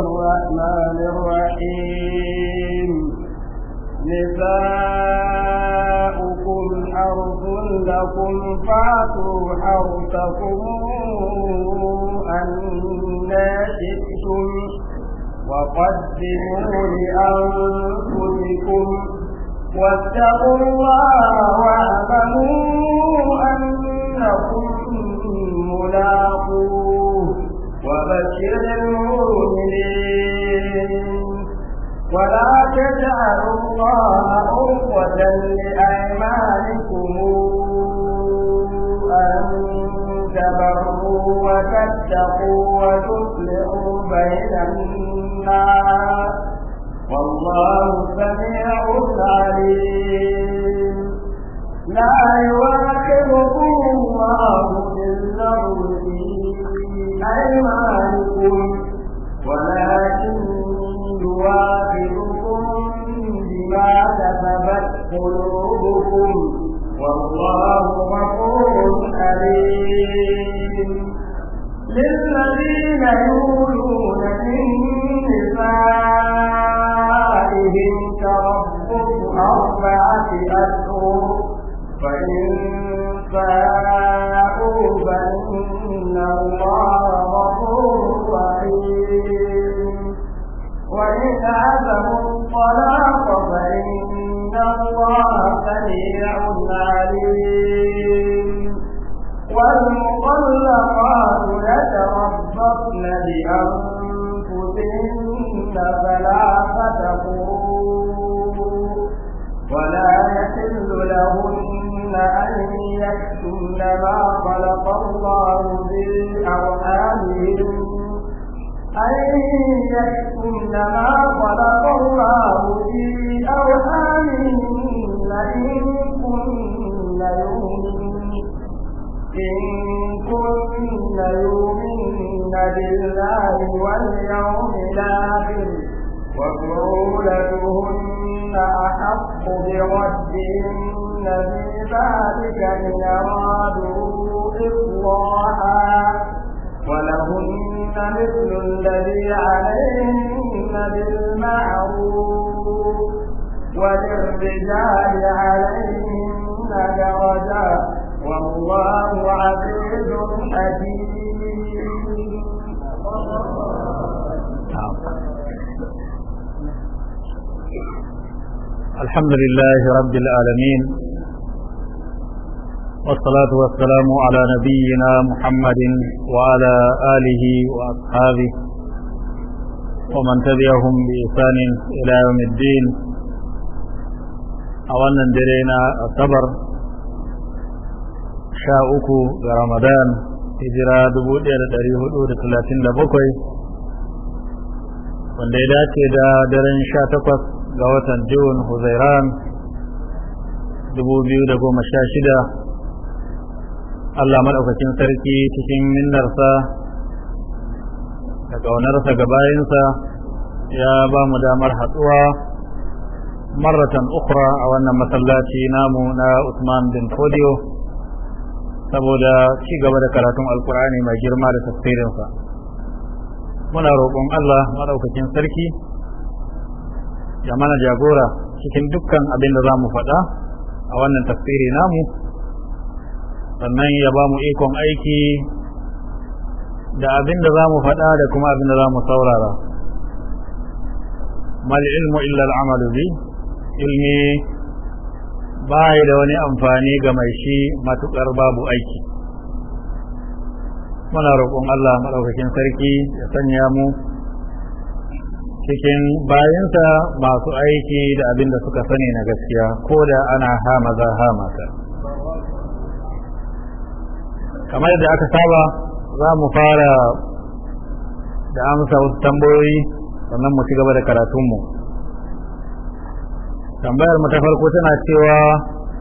الرحمن الرحيم نساؤكم حرث لكم فاتوا حرثكم أنا شئتم وقدموا لأنفسكم واتقوا الله واعلموا أنكم ملاقون وبشر المؤمنين ولا تجعلوا الله عقوة لأيمانكم أن تبروا وتتقوا وتصلحوا بين الناس والله سميع عليم لا يواكبكم الله باللغو أيمانكم ولكن يوافقكم بما كسبت قلوبكم والله غفور أليم للذين يؤمنون بأنفسهن فلا فتقوا ولا يحل لهن أن يكتمن ما خلق الله في أرحامهن أن يكتمن ما خلق الله في واليوم الآخر وبعولتهن أحق بردهن في ذلك إن أرادوا إصلاحا ولهن مثل الذي عليهن بالمعروف وللرجال عليهن درجات والله عزيز حكيم الحمد لله رب العالمين والصلاة والسلام على نبينا محمد وعلى آله وأصحابه ومن تبعهم بإحسان إلى يوم الدين أولا درينا الصبر شاؤكو برمضان تاريخ 1437 wanda ya dace da درين 18 ga watan jun huzairan 2016 Allah maɗaukacin sarki cikin minnarsa da ƙaunarsa ga bayansa ya ba mu damar haɗuwa maratan ukra a wannan masallaci namu na Usman bin Fodio saboda ci gaba da karatun alkur'ani mai girma da tafsirinsa muna roƙon Allah maɗaukacin sarki ya mana jagora cikin dukkan abin da za mu faɗa a wannan tafsiri namu sannan ya ba mu ikon aiki da abin da za mu faɗa da kuma abin da za mu saurara mal ilmu illa al'amalu bi ilmi bai da wani amfani ga mai shi matukar babu aiki muna roƙon Allah maɗaukakin sarki ya sanya mu cikin bayansa masu aiki da abin da suka sani na gaskiya ko da ana hama ta. kamar da aka saba za mu fara da amsa wasu tambayoyi sannan mu ci gaba da karatunmu tambayar mu ta farko tana cewa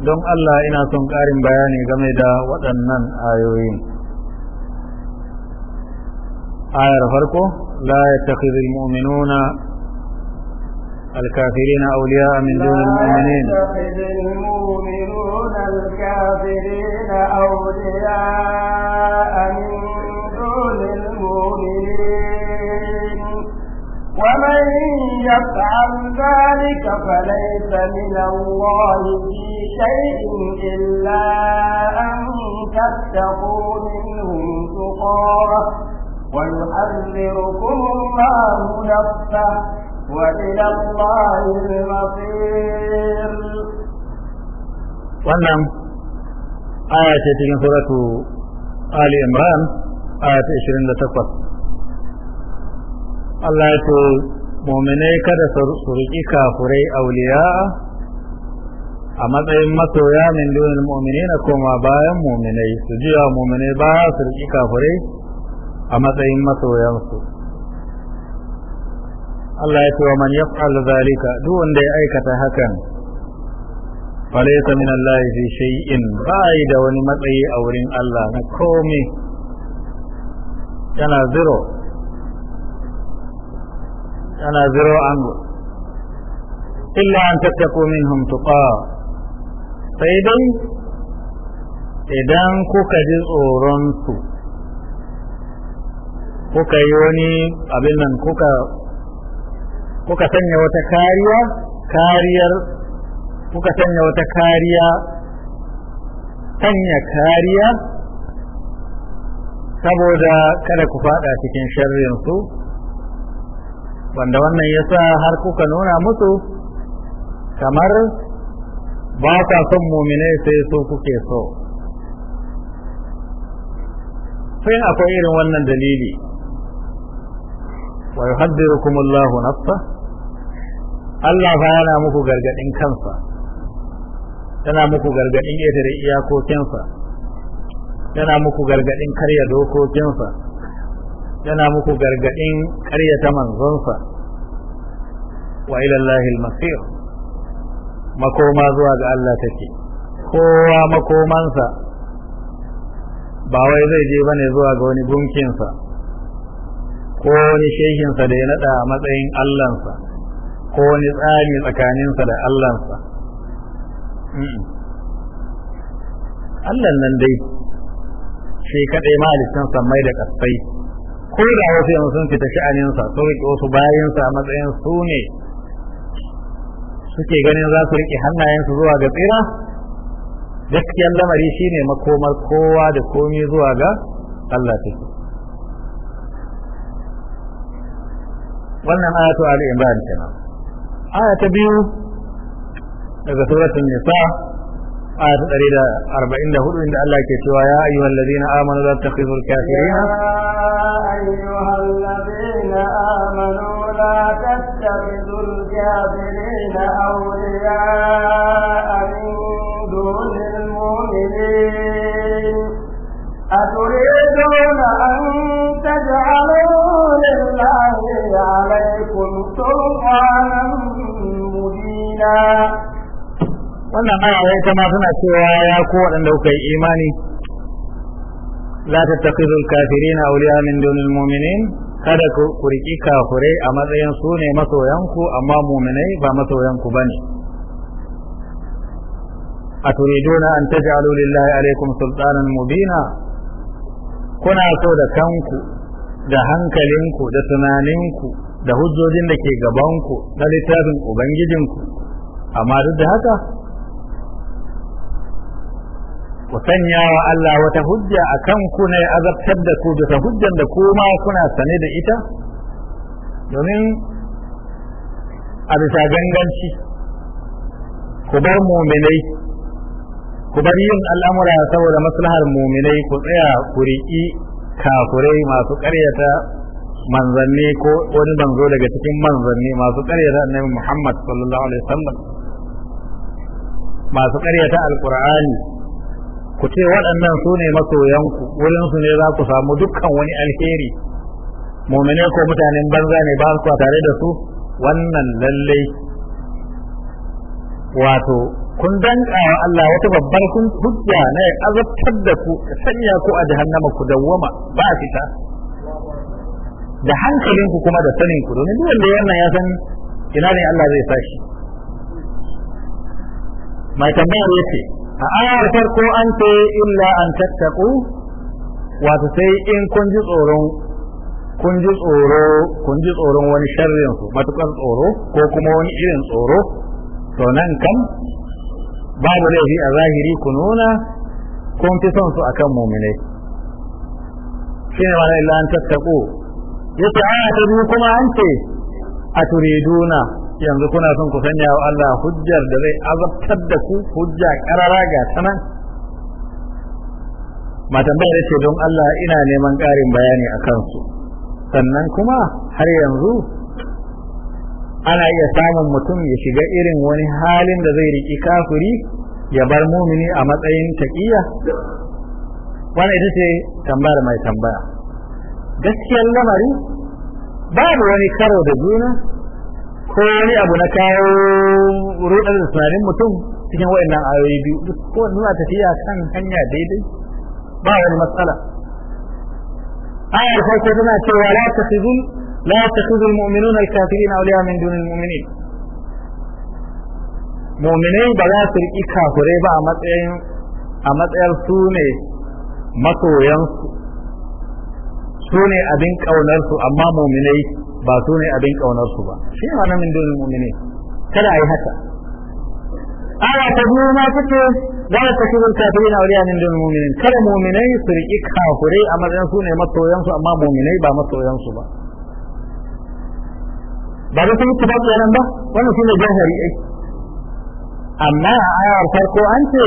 don Allah ina son ƙarin bayani game da waɗannan ayoyin ayar farko لا يتخذ المؤمنون الكافرين أولياء من دون المؤمنين يتخذ المؤمنون الكافرين أولياء من دون المؤمنين ومن يفعل ذلك فليس من الله في شيء إلا أن تتقوا منهم تقاه ويحذركم الله نفسه وإلى الله المصير wannan aya ce cikin suratu Ali Imran aya ta 28 Allah ya ce mu'minai kada su riƙi kafurai auliya a matsayin masoya min dunin mu'minina koma bayan mu'minai su jiya mu'minai ba su kafurai أمتين متو ينصر الله يتوى ومن يفعل ذلك دون دي أيكة هكا فليس من الله في شيء ونمت ونمتعي أورين الله نكومي كان زرو كان زرو عنه إلا أن تتقوا منهم تقا فإذا إذا كوكا جزء رنسو kuka yi wani abin nan kuka kuka sanya wata kariya kariyar kuka sanya wata kariya sanya kariya saboda kada ku fada cikin sharrin su wanda wannan yasa har kuka nuna musu kamar ba ta son muminai sai so kuke so sai akwai irin wannan dalili wa yuhaddirukumullahu nafsa Allah fa yana muku gargadin kansa yana muku gargadin ƙetare iyakokinsa yana muku gargadin karya dokokinsa yana muku gargadin karyata manzonsa wa ilallahi al-masir makoma zuwa ga Allah take kowa makomansa ba wai zai je bane zuwa ga wani gunkinsa ko wani shehinsa da ya naɗa a matsayin allansa ko wani tsari tsakaninsa da allansa allan nan dai shi kaɗai mahalicin samai da ƙasai ko da wasu yanzu sun fita sha'aninsa sun riƙe wasu bayansa a matsayin su ne suke ganin za su riƙe hannayensu zuwa ga tsira gaskiyar lamari shine makomar kowa da komi zuwa ga Allah take wannan ayatu ali imran kenan ayatu biyu daga suratul nisa ayatu ta 144 inda Allah yake cewa ya ayyuhal ladina amanu la takhudul kafirina أيها الذين آمنوا لا تتخذوا الكافرين أولياء من دون المؤمنين أتريدون أن عليكم سلطانا مبينا wannan aya wai kama suna cewa ya ko waɗanda kuka yi imani la tattakhidul kafirina awliya min dunil mu'minin kada ku riki kafirai a matsayin su ne masoyanku amma mu'minai ba masoyanku bane aturiduna an taj'alu lillahi alaikum sultanan mubina kuna so da kanku da hankalinku da tunaninku da hujjojin da ke gabanku na littafin ubangijinku amma duk da haka ku sanya wa Allah wata hujja a kan ku ne azabtar da ku bisa hujjan da kuma kuna sane da ita domin a bisa ganganci ku bar muminai ku bar yin al'amura saboda maslahar muminai ku tsaya kuri'i riƙi kafurai masu ƙaryata manzanni ko wani manzo daga cikin manzanni masu karyata annabi Muhammad sallallahu alaihi wasallam masu karyata alqur'ani ku ce waɗannan su ne masoyanku wurin su ne za ku samu dukkan wani alheri mumine ko mutanen banza ne ba ku tare da su wannan lallai wato kun danka wa Allah wata babbar kun hujja na azabtar da ku sanya ku a jahannama ku dawwama ba fita da hankalinku kuma da sanin ku domin duk wanda yana ya san ina ne Allah zai sashi mai tambayar yace a ayar farko an ce illa an tattaku wato sai in kun ji tsoron kun ji tsoro kun ji tsoron wani sharrin su matukar tsoro ko kuma wani irin tsoro to nan kam babu laifi a zahiri ku nuna kun fi son su akan muminai shine wala illa an tattaku yace aya ah, ta biyu kuma an ce a turiduna yanzu kuna son ku sanya wa Allah hujjar da zai azabtar da ku hujja karara ga sanan matan bayar ce don Allah ina neman ƙarin bayani a kansu sannan kuma har yanzu ana iya samun mutum ya shiga irin wani halin da zai riki kafuri ya bar mumini a matsayin taƙiya wannan ita ce tambayar mai tambaya gaskiyar lamari babu wani karo da juna ko wani abu na kawo rudar da tunanin mutum cikin waɗannan ayoyi biyu duk ko nuna tafiya kan hanya daidai ba wani matsala ayar farko tana cewa la takhudul la takhudul mu'minuna al-kafirin awliya min dunil mu'minin mu'minai ba za su riki kafirai ba a matsayin a matsayar su ne masoyansu su ne abin kaunar su amma mu'minai ba su ne abin kaunar su ba shi ma nan dole mu'mini kada ai haka aya ta biyu ma take za ta shirin kafirin auriya min dole mu'minin kada mu'minai su riki kafurai a matsayin su ne masoyan su amma mu'minai ba masoyan su ba ba da sun kuma nan ba wannan shine jahari ai amma a ayar farko an ce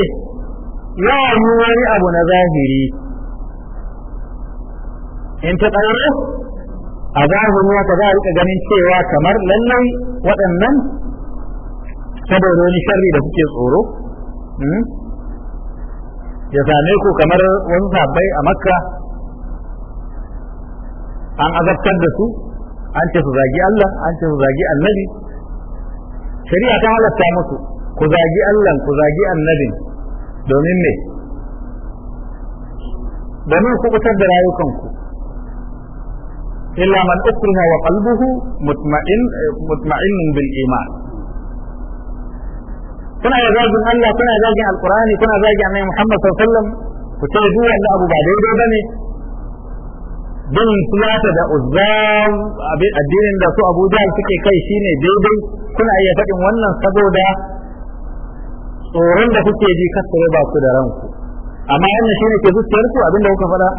ya yi wani abu na zahiri in ta tsaro a zahiri wata za a rika ganin cewa kamar lallai waɗannan saboda wani sharri da kuke tsoro hmm? ya same ku kamar wasu sabbai a makka an azabtar da su an ce su zagi Allah an ce su zagi annabi shari'a ta halatta musu ku zagi Allah ku zagi annabin domin me domin ku kutar da rayukanku إلا من أكره وقلبه مطمئن مطمئن بالإيمان kuna ya zagin Allah kuna zagin alkurani kuna zagin annabi Muhammad sallallahu alaihi wasallam ku ce duk wanda abu ba daidai bane bin sulata da uzza addinin da su Abu Jahl suke kai shine daidai kuna iya faɗin wannan saboda tsoron da kuke ji kasa ba ku da ranku amma wannan shine ke zuciyarku abinda kuka faɗa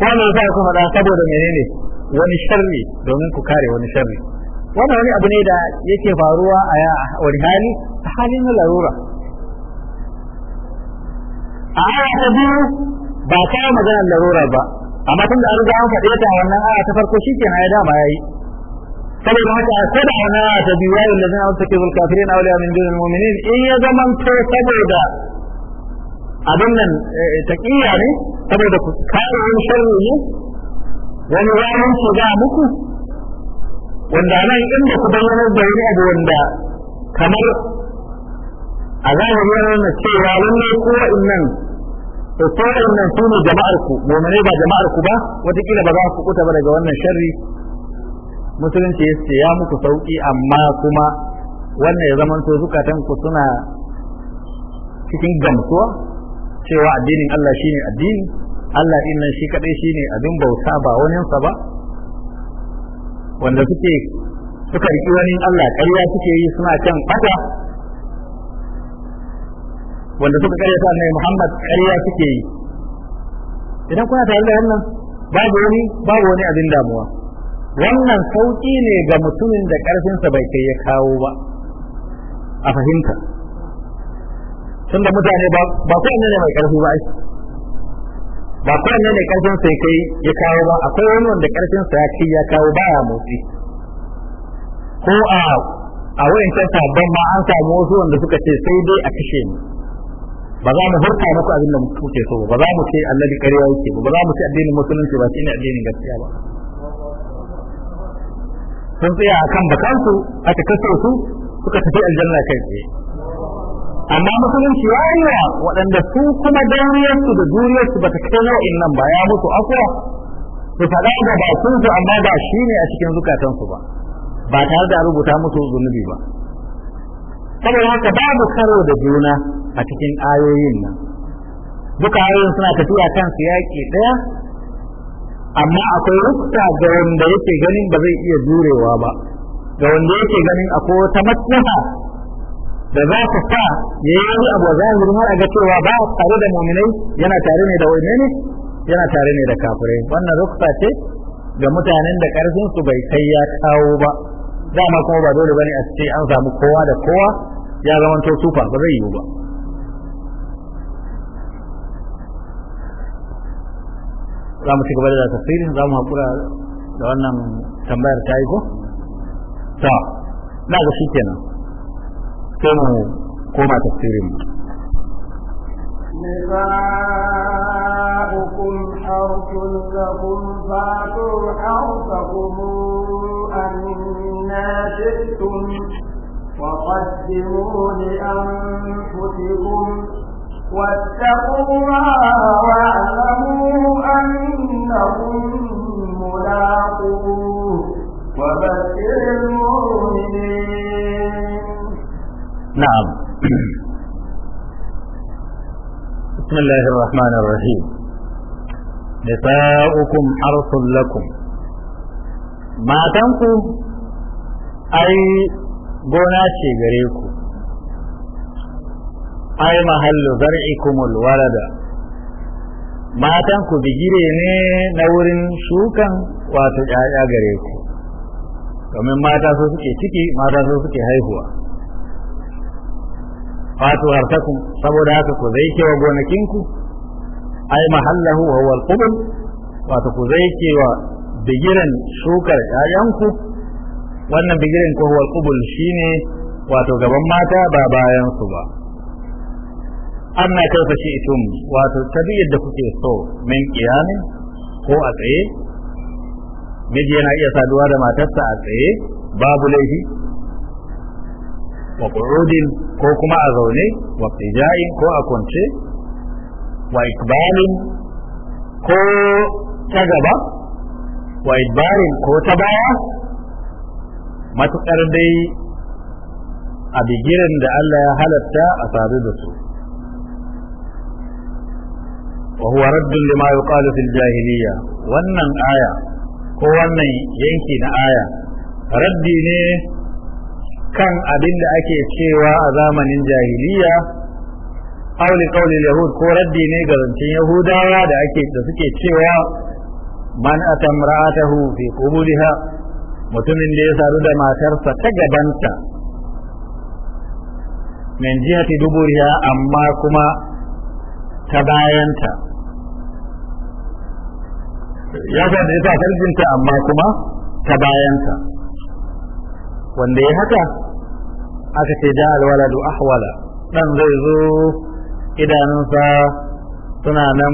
wannan sai ku faɗa saboda menene wani sharri domin ku kare wani sharri wannan wani abu ne da yake faruwa a wani hali a halin larura a aya ta biyu ba ta maganar larura ba amma tun da an ga an faɗe ta wannan aya ta farko shikenan ya dama yayi saboda haka a koda wannan aya ta biyu wa'in lazina amsakibul kafirin awliya min dunil mu'minin in ya zamanto saboda abin nan eh, eh, taqiya ne saboda ku kare wani sharri ne wani su za muku wanda nan inda ku bayyana da wani abu wanda kamar a zahiri yana nuna cewa lallai ko wa'annan to ko nan su ne jama'ar ku mu'minai ba jama'ar ku ba wataƙila ba za ku kuta ba daga wannan sharri musulunci ya ce ya muku sauki amma kuma wannan ya zamanto zukatan ku suna cikin gamsuwa cewa addinin Allah shine addini Allah din nan shi kadai shine abin bauta ba waninsa ba wanda suke suka riki wani Allah ƙarya suke yi suna can fata wanda suka ƙarya ta annabi Muhammad ƙarya suke yi idan kuna tare da wannan babu wani babu wani abin damuwa wannan sauki ne ga mutumin da ƙarfinsa bai kai ya kawo ba a fahimta tunda mutane ba ba ko ne mai karfi ba ai ba ko ne ne karfin sai kai ya kawo ba akwai wani wanda karfin sa ya kai ya kawo ba ya motsi ko a a wayan ta sabon ma an samu wasu wanda suka ce sai dai a kashe ni ba za mu hurta muku abin da muke so ba za mu ce annabi kariya yake ba za mu ce addinin musulunci ba shine addinin gaskiya ba sun tsaya a kan bakansu aka kashe su suka tafi aljanna kai tsaye amma musulunci ya yi wa waɗanda su kuma dauriyarsu da duniyarsu ba ta kai nau'in nan ba ya mutu afuwa su faɗa da bakinsu amma ba shi ne a cikin zukatansu ba ba tare da rubuta musu zunubi ba saboda haka babu karo da juna a cikin ayoyin nan duka ayoyin suna tafiya kan su yaƙi ɗaya amma akwai rukta ga wanda yake ganin ba zai iya jurewa ba ga wanda yake ganin akwai wata maslaha da za su sa ya yi wani abu zahirin rumar a ga cewa ba tare da muminai yana tare ne da wani ne yana tare ne da kafirai wannan ruksa ce ga mutanen da karfin su bai kai ya kawo ba dama kuma ba dole bane a ce an samu kowa da kowa ya zamanto sufa ba zai yiwu ba za mu ci gaba da tafsirin za mu haƙura da wannan tambayar ta yi ko? ta na ga shi kenan sai mu koma tafsirin mu نساؤكم حرث لكم فاتوا حرثكم أنا شئتم وقدموا لأنفسكم واتقوا الله واعلموا أنكم ملاقوه وبشر المؤمنين na'am بسم الله الرحمن الرحيم نساؤكم لكم ما gona أي gare ku أي محل zar'ikumul walada matanku bigire ne na wurin shukan wato ƴaƴa gare ku domin mata su suke ciki mata su suke haihuwa fatu harsakum saboda haka ku zai kewa gonakinku ai mahallahu wa huwa al-qubul wato ku zai kewa bigiran shukar ƴaƴanku wannan bigiran ko huwa al-qubul shine wato gaban mata ba bayan su ba anna kaifa shi'tum wato tabi da kuke so min qiyami ko a tsaye miji yana iya saduwa da matarsa a tsaye babu laifi wa qu'udin ko kuma a zaune wa qija'in ko a kwance wa ikbalin ko ta gaba wa idbarin ko ta baya matukar dai a bigiran da Allah ya halatta a sadu da su wa huwa raddun lima yuqalu fil jahiliya wannan aya ko wannan yanki na aya raddi ne kan abin da ake cewa a zamanin jahiliya auli kauli yahud ko raddi ne ga zancen yahudawa da ake da suke cewa man atamra'atahu fi qubulha mutumin da ya sadu da matarsa ta gabanta min jihati duburiya amma kuma ta bayanta ya sadu da ita amma kuma ta bayanta wanda ya haka aka ce ja alwaladu ahwala ɗan zai zo idanunsa suna nan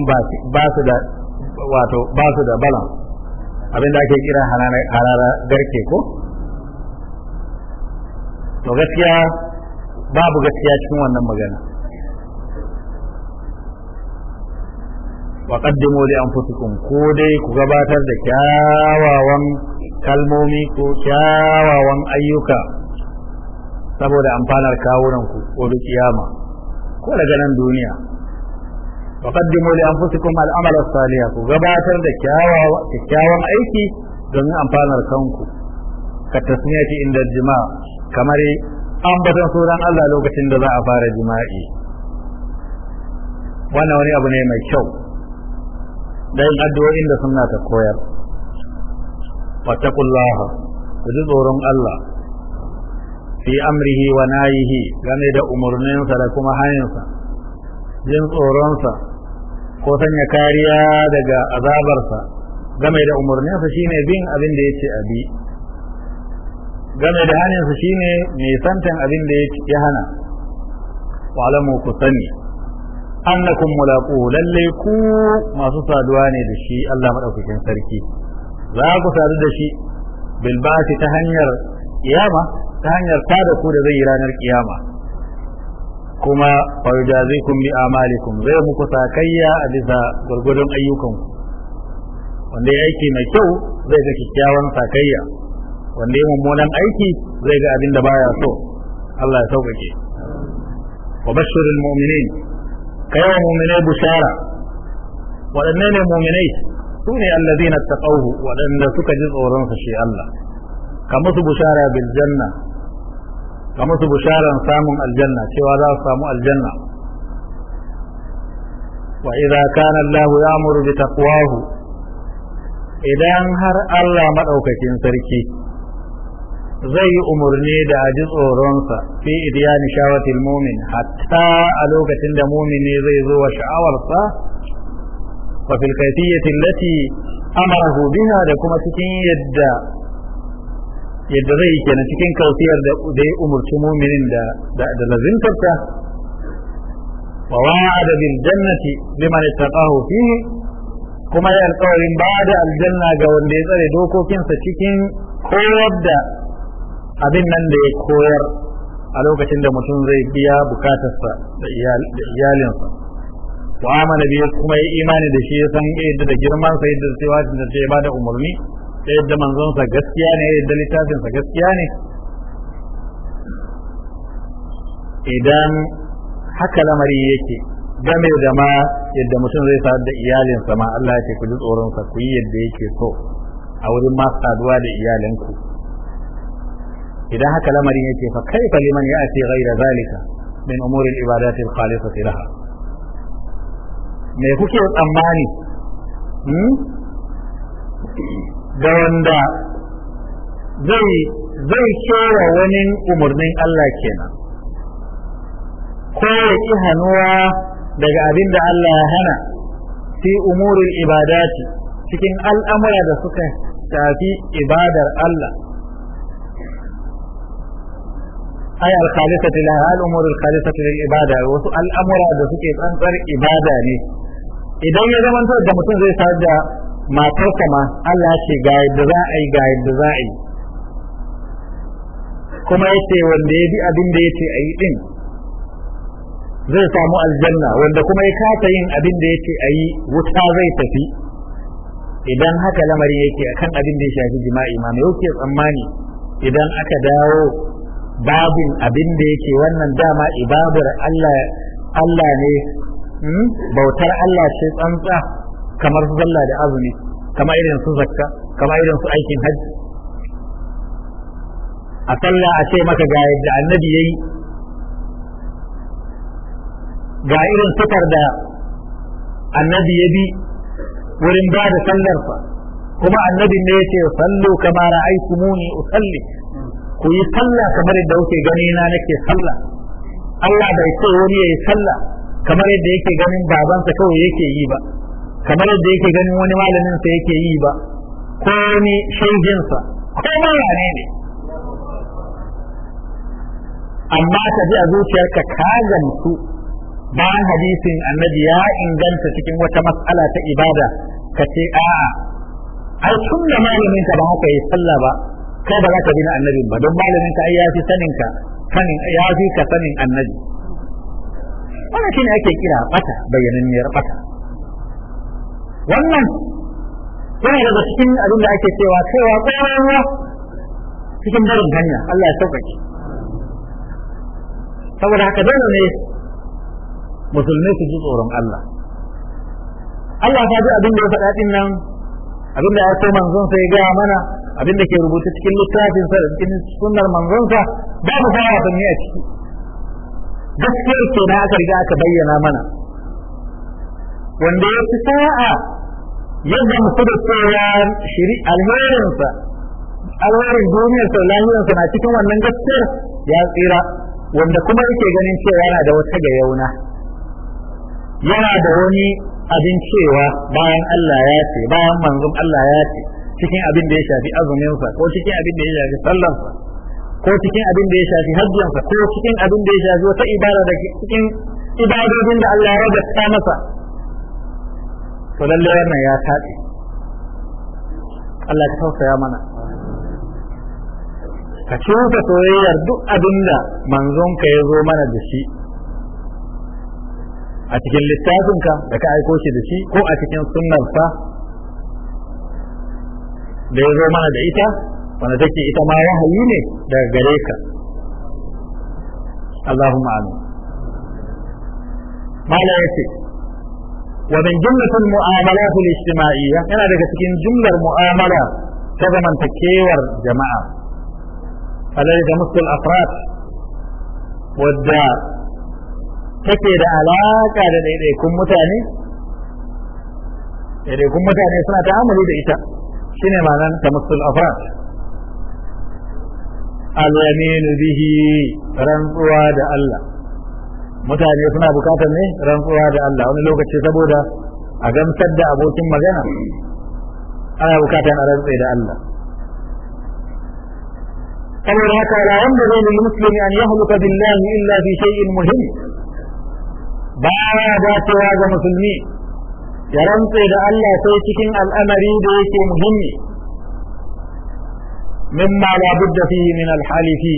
ba su da wato ba da balan abinda ake kira harara garke ko to gaskiya babu gaskiya cikin wannan magana wa qaddimu li anfusikum ko dai ku gabatar da kyawawan kalmomi ko kyawawan ayyuka saboda amfanar kawunanku ko da kiyama ko daga nan duniya wa qaddimu li anfusikum al-amala salih ku gabatar da kyawawan aiki don amfanar kanku ka tasmiyati inda jima'a kamar ambatar suran Allah lokacin da za a fara jima'i wannan wani abu ne mai kyau dan addu'o'in da sunna ta koyar fattakullaha ku ji tsoron Allah fi amrihi wa nayihi game da umarninsa da kuma hanyarsa jin tsoronsa ko sanya kariya daga azabarsa game da umarninsa shine bin abin da yake a bi game da hanyarsa shine mai santan abin da ya hana wa alamu ku sani annakum mulaqu lalle ku masu saduwa ne da shi Allah madaukakin sarki za ku sadu da shi bilbati ta hanyar kiyama ta hanyar ta da ku da zai yi ranar kiyama kuma farjazikum bi amalikum zai muku sakayya a bisa gurgurdun ayyukan wanda ya aiki mai kyau zai ga kyakkyawan sakayya wanda ya mummunan aiki zai ga abin da baya so Allah ya sauƙaƙe wa bashirul mu'minin kayawa mu'minai bushara waɗanne ne mu'minai su ne na taqawhu waɗanda suka ji tsoronsa, sa shi Allah ka musu bushara bil janna ka musu samun aljanna cewa za su samu aljanna wa idza kana Allah ya'muru bi taqwahu idan har Allah madaukakin sarki zai yi umarni da aji tsoronsa fi idiyani shawatil mumin hatta a lokacin da mumini zai zo wa sha'awarsa wa fil kayfiyati allati amarahu da kuma cikin yadda zai yi kenan cikin kausiyar da ya umurci muminin da da lazimtarta wa wa'ada bil jannati liman ittaqahu fihi kuma ya alƙawarin ba da aljanna ga wanda ya tsare dokokinsa cikin koyar abin nan da ya koyar a lokacin da mutum zai biya bukatarsa da iyalinsa wa amana bi kuma ya imani da shi ya san yadda da girman sa yadda da cewa da ta bada umarni da yadda manzon sa gaskiya ne yadda littafin sa gaskiya ne idan haka lamari yake game da ma yadda mutum zai sa da iyalinsa ma Allah ya ku ji tsoron sa ku yi yadda yake so a wurin ma saduwa da iyalinku idan haka lamarin yake fa kaifa liman ya'ti ghayra zalika min umuri al-ibadati al-khalisati laha me kuke tsammani hmm? da wanda zai zai wani umarnin Allah kenan ko ya ki hannuwa daga abin da Allah ya hana fi umurin ibadati cikin al'amura da suka shafi ibadar Allah ay al-khalisati laha al khalisati lil ibada wasu al'amura da suke tsantsar ibada ne idan ya zama da mutum zai sa da matarsa ma Allah ce ga yadda za a yi ga yadda za a yi kuma ya ce wanda ya bi abin da ya ce a yi din zai samu aljanna wanda kuma ya kasa yin abin da ya ce a yi wuta zai tafi idan haka lamarin yake kan abin da ya shafi jima'i ma mai yake tsammani idan aka dawo babin abin da yake wannan dama ibabar Allah Allah ne Hmm? bautar Allah ce tsantsa kamar su zalla da azumi kamar irin su zakka kamar irin su aikin hajji a sallah a ce maka ga yadda annabi yayi ga irin sifar da annabi ya bi wurin ba da sallarsa kuma annabi ne yake sallu kama ra'aytumuni usalli ku yi sallah kamar yadda kuke gani na nake sallah Allah bai ce wani yayi sallah kamar yadda yake ganin babansa kawai yake yi ba kamar yadda yake ganin wani malaminsa yake yi ba ko wani shaiginsa ko ma ne amma ka ji a zuciyarka ka gamsu bayan hadisin annabi ya inganta cikin wata matsala ta ibada ka ce a'a ai tun da malamin ka ba haka yi sallah ba kai ba za ka bi na annabi ba don malamin ka ai ya fi sanin ka sanin ya fi ka sanin annabi wannan ne ake kira bata bayyananniyar bata wannan yana daga cikin abin da ake cewa cewa kowa cikin barin hanya Allah ya sauƙaƙe saboda haka dole ne musulmai su ji tsoron Allah Allah ta ji abin da ya faɗa nan abin da ya so manzon sai ya gaya mana abin da ke rubuta cikin littafin sa cikin sunnar manzon sa babu fara ne a ciki gaskiyar ke na aka riga aka bayyana mana wanda ya fi sa'a yadda musu da cewa shiri alherinsa alherin duniyarsa lahirarsa na cikin wannan gaskiyar ya tsira wanda kuma yake ganin cewa yana da wata ga yauna yana da wani abin cewa bayan Allah ya ce bayan manzon Allah ya ce cikin abin da ya shafi azuminsa ko cikin abin da ya shafi sallansa ko cikin abin da ya shafi hajjinsa ko cikin abin da ya shafi wata ibada da cikin ibadodin da Allah ya rabata masa to lalle wannan ya tafi Allah ya tausaya mana ka cuta soyayyar duk abin da manzonka ya zo mana da shi a cikin littafinka da ka aiko shi da shi ko a cikin sunnarsa da ya zo mana da ita wanda take ita ma wahayi ne daga gare ka Allahumma amin mala yace wa min jumlatil mu'amalat al-ijtima'iyya yana daga cikin jumlar mu'amala ta zamantakewar jama'a alai da musul afrat wadda take da alaka da daidaikun mutane daidaikun mutane suna ta'amuli da ita shine ma'anar tamassul afrat al-yaminu bihi rantsuwa da Allah mutane suna bukatar ne rantsuwa da Allah wani lokaci saboda a gamsar da abokin magana ana bukatar a rantse da Allah saboda haka la wanda zai ne muslimi an yahluka billahi illa fi shay'in muhim ba ya dacewa ga musulmi ya rantse da Allah sai cikin al'amari da yake muhimmi mimma la budda fihi min alhalifi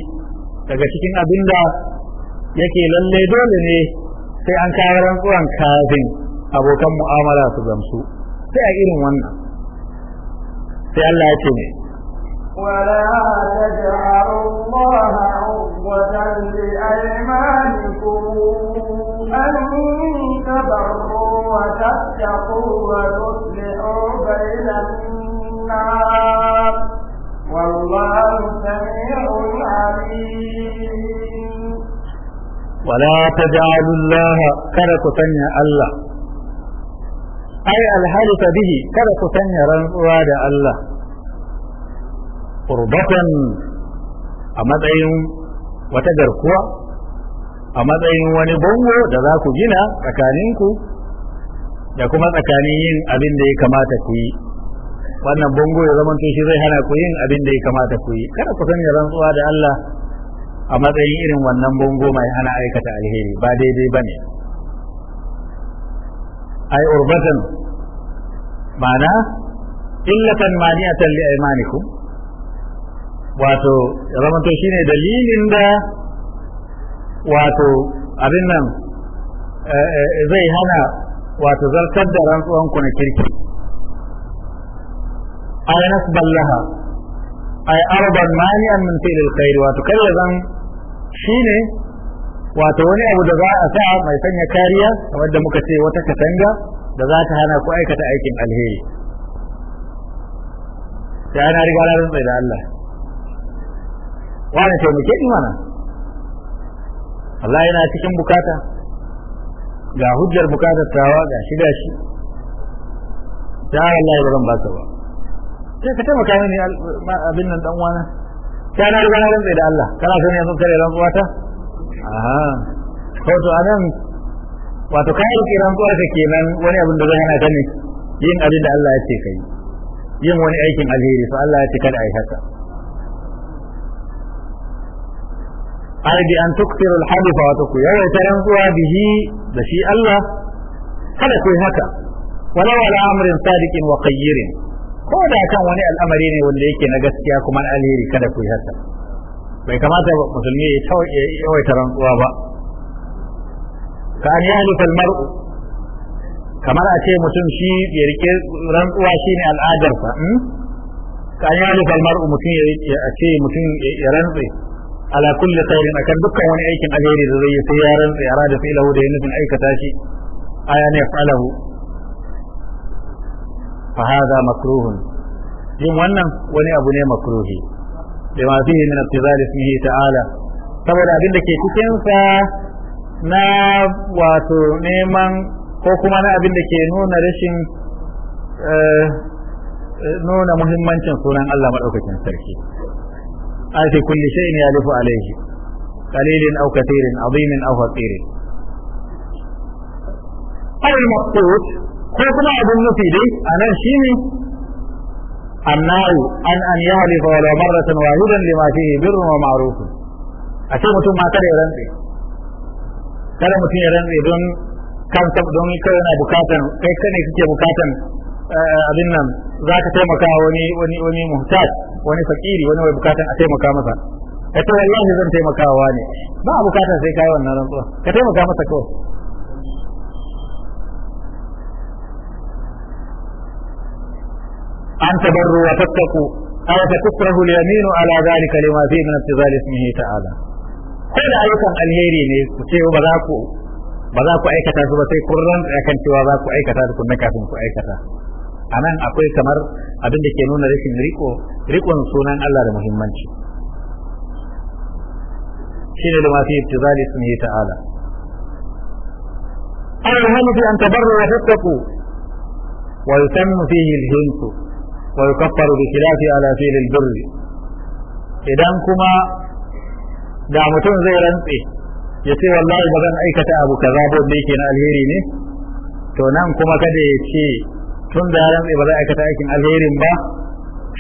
daga cikin abinda yake lalle dole ne sai an kawo rantsuwan kafin abokan mu'amala su gamsu sai a irin wannan sai Allah ya ce ne ولا تجعلوا الله عقبة لأيمانكم أن تبروا وتتقوا وتصلحوا بين الناس والله سميع عليم ولا تجعلوا الله كرك سنيا الله أي الحالف به كرك سنيا رنواد الله قربة أمدعين وتجركوا a matsayin wani bango da za ku gina tsakaninku da kuma tsakanin yin abin da ya kamata ku yi wannan bango ya zama shi zai hana ku yin abin da ya kamata ku yi kada ku sanya rantsuwa da Allah a matsayin irin wannan bango mai hana aikata alheri ba daidai bane ai urbatan ma'ana illatan maniatan li aymanikum wato ya to shine dalilin da wato abin nan eh, eh, zai hana wato zartar da rantsuwan ku na kirki ay nasban laha ay arban mani'an min fi'l alkhair wato kada zan shine wato wani abu da za a sa mai sanya kariya kamar da muka ce wata katanga da za ta hana ku aikata aikin alheri sai ana riga na rantsai da Allah wani taimake muke mana Allah yana cikin bukata ga hujjar bukatar tawa ga shi da shi ta Allah ya zan ba ta ba sai ka taimaka mini abin nan dan uwana ta na riga na rantsa da Allah kana so ne yanzu kare rantsuwa ta aha wato anan wato kai yake rantsuwar ka kenan wani abin da zai hana ka ne yin abin da Allah ya ce kai yin wani aikin alheri fa Allah ya ce kada ai haka ai bi an tuktiru alhadifa wa tuku yawa ta rantsuwa bihi da shi Allah kada ku haka walau ala amrin sadiqin wa qayyirin ko da kan wani al'amari ne wanda yake na gaskiya kuma alheri kada ku yi haka bai kamata musulmi ya yawaita rantsuwa ba ka an yahli fal mar'u kamar a ce mutum shi ya rike rantsuwa shi shine al'adarsa hmm? ka an yahli fal mar'u mutum ya ce mutum ya rantsi ala kulli a kan dukkan wani aikin alheri da zai yi sai ya rantsi ya rada sai lahu da nufin aikata shi aya ne ya falahu fa hadha makruhun yin wannan wani abu ne makruhi bima fihi min ibtizal ismihi ta'ala saboda abin da ke cikin sa na wato neman ko kuma na abin da ke nuna rashin nuna muhimmancin sunan Allah madaukakin sarki a ce kulli shay'in yalifu alaihi qalilin aw kathirin azimin aw hasirin al-maqsud ko kuma abin nufi dai a nan shi ne annaru an an yi halifa wa marratan wahidan lima fihi birrun wa ma'rufun a ce mutum ma kada ya rantse kada mutum ya rantse don kansa don kai yana bukatan kai kane kake bukatan eh, abin nan za ka taimaka wani wani wani muhtaj wani fakiri wani mai bukatan a taimaka masa ka ce wallahi zan taimakawa ne ba a bukatan sai kai wannan rantsuwa ka taimaka masa kawai أن تبروا وتتقوا أو تكفره اليمين على ذلك لما فيه من ابتذال اسمه تعالى كل أيكم الهيري نيسي وبذاكو بذاكو أي كتا سبتي قرن لكن في وذاكو أي كتا لكم مكاكم أي كتا أنا أقول كمر أبن دي كنون ريكو ريكو ريكو نصونان الله المهمان شيء لما فيه ابتذال اسمه تعالى أي هم في أن تبروا وتتقوا ويتم فيه الهنس wa yukaffaru lafiya khilafi ala birri idan kuma da mutum zai rantse ya ce wallahi ba zan aikata abu kaza ba da kenan alheri ne to nan kuma kada ya ce tun da ya rantse ba zai aikata aikin alherin ba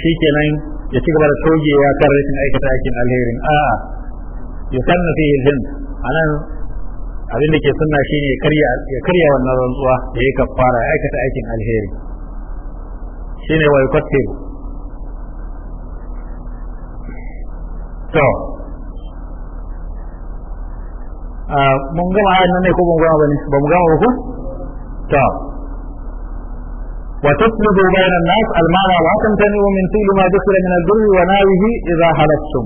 shikenan ya ci gaba da togewa kan rashin aikata aikin alherin a'a ya sanna fihi jin anan abin da ke sunna shine ya karya ya karya wannan rantsuwa da ya kafara ya aikata aikin alheri shine wa yukattir to a mun gama ayan nan ne ko mun gama bane ba mun gama ba ko to wa tatlubu bayna an-nas وتفرض بين الناس المعنى min tilu ma فعل min al من wa nawihi idha هلكتم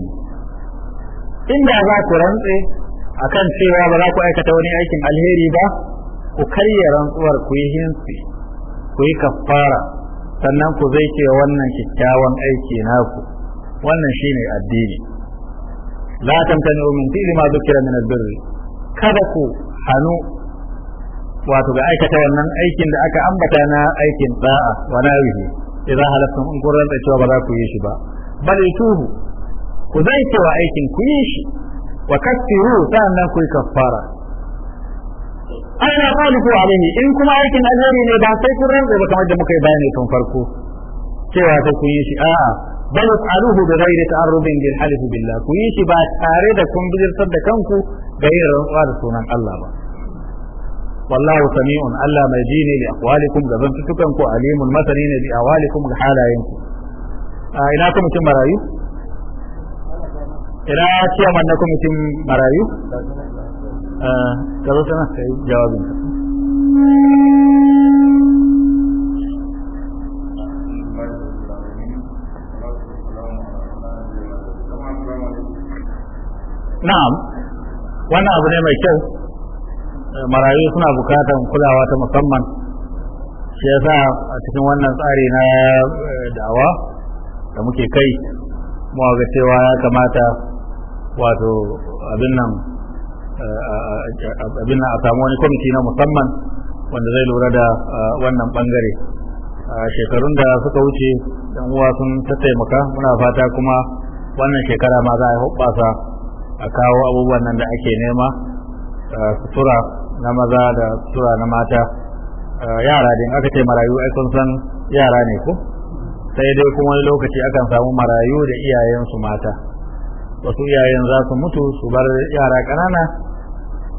inda za ku rantse akan cewa ba za ku aikata wani aikin alheri ba ku karya rantsuwar ku yi hinsi ku yi kafara sannan ku zai ce wannan kyakkyawan aiki naku wannan shine addini la tamtanu min fi'li ma dhukira min albirr kada ku hanu wato ga aikata wannan aikin da aka ambata na aikin da'a wa nawihi idan halaftum in kun rantsa cewa ba za ku yi shi ba bal tubu ku zai cewa aikin ku yi shi wa kaffiru sannan ku yi kaffara aina qalifu alaihi in kuma aikin alheri ne ba sai kun rantsa ba kamar da muka yi bayani tun farko cewa sai kun yi shi a'a bal aluhu bi ghairi ta'arrubin bil halifu billah kun yi shi ba tare da kun bijirtar da kanku ga yin rantsuwa da sunan Allah ba wallahu sami'un Allah mai ji ne li aqwalikum ga zantukan ku alimun masani ne bi awalikum ga halayenku. a ina ku mutum marayu ina ciyaman na ku mutum marayu Eh, jawabin ka na'am wannan abu ne mai kyau eh, marayu suna bukatan kulawa ta musamman shi yasa a cikin wannan tsari na eh, da muke kai mu ga cewa ya kamata wato abin nan abin nan a samu wani kwamiti na musamman wanda zai lura da wannan bangare shekarun da suka wuce yan uwa sun taimaka muna fata kuma wannan shekara ma za a hoɓɓasa a kawo abubuwan nan da ake nema sutura na maza da sutura na mata yara din aka ce marayu ai sun san yara ne ko sai dai kuma wani lokaci akan samu marayu da iyayensu mata wasu iyayen za su mutu su bar yara ƙanana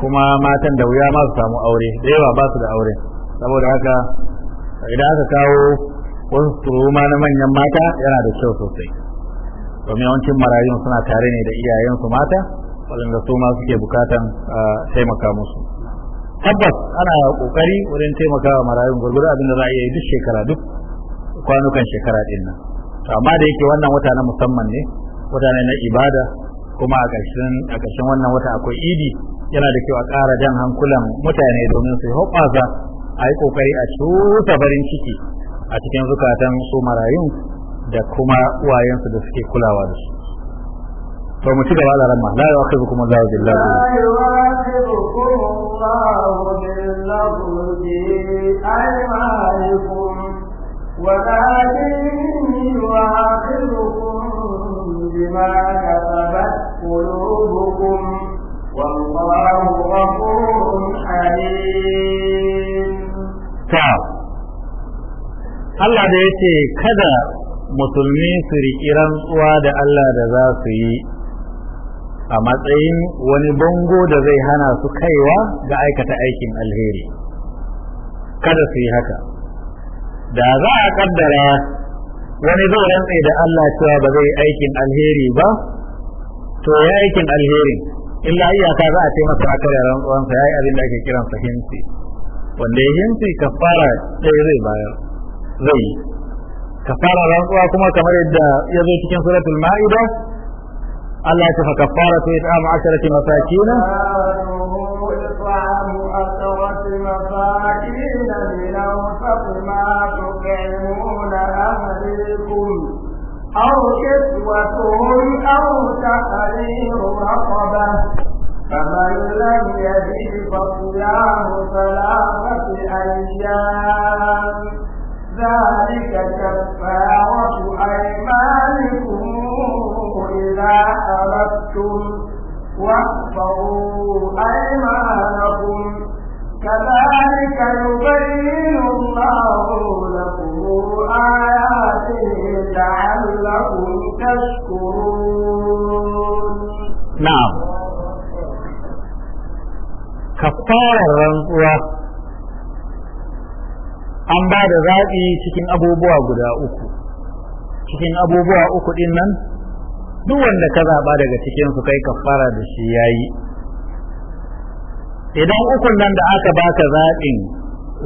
kuma matan da wuya ma samu aure da yawa ba su da aure saboda haka idan aka kawo wasu turuma na manyan mata yana da kyau sosai domin yawancin marayun suna tare ne da iyayensu mata waɗanda su ma suke bukatan taimaka musu tabbas ana kokari wurin taimakawa marayun gurgurar abin da za a iya yi duk shekara duk kwanukan shekara ɗin nan amma da yake wannan wata na musamman ne wata ne na ibada kuma a ƙarshen wannan wata akwai idi yana da kyau a ƙara jan hankulan mutane domin su hoɓasa a yi ƙoƙari a cuta barin ciki a cikin zukatan su marayun da kuma wayansu da suke kulawa da su to mu ci gaba da ramma la yu'akhidhukum Allahu bil la yu'akhidhukum Allahu bil laghwi aymanikum ولكن يعاقبكم بما كسبت قلوبكم والله Allah da ya ce kada musulmi su riƙi rantsuwa da Allah da za su yi a matsayin wani bango da zai hana su kaiwa ga aikata aikin alheri kada su yi haka da za a kaddara wani zai rantse da Allah cewa ba zai aikin alheri ba to ya aikin alherin illa iyaka za a ce masa ya karya rantsuwansa ya yi abin da ake hinsi wanda ya hinsi kafara ɗaya zai bayar zai yi kafara rantsuwa kuma kamar yadda ya zo cikin suratul ma'ida Allah ya tafa kafara ta it'amu asharati masakina مساكين من أوسط أو كسوة أو تحرير رقبة فمن لم يجد فصيام ثلاثة أيام ذلك كفارة أيمانكم إذا أردتم واحفظوا أيمانكم كذلك يبين الله لكم لعلكم تشكرون نعم kafarar rantsuwa an ba da zaɓi cikin abubuwa guda uku cikin abubuwa uku ɗin nan duk wanda ka zaɓa daga cikin su kai kafara da shi ya yi, idan ukun nan da aka baka zaɓin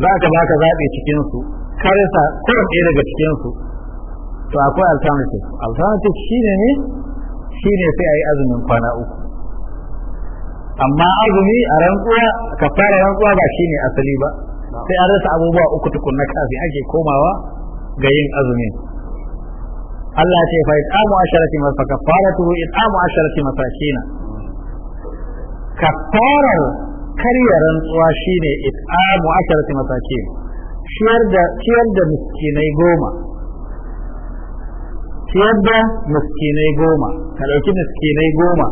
za ka baka zaɓi cikin su kar ɗaya daga cikin su to akwai alternative alternative shine ne shine sai ayi azumin kwana uku amma azumi a rantsuwa ka fara rantsuwa ba shine asali ba sai an rasa abubuwa uku tukunna kafin ake komawa ga yin azumin Allah ce fa it'amu asharati masa kafaratu it'amu asharati masakina kafarar karya rantsuwa shine it'amu asharati masakin ciyar da ciyar da miskinai goma ciyar da miskinai goma ka ɗauki miskinai goma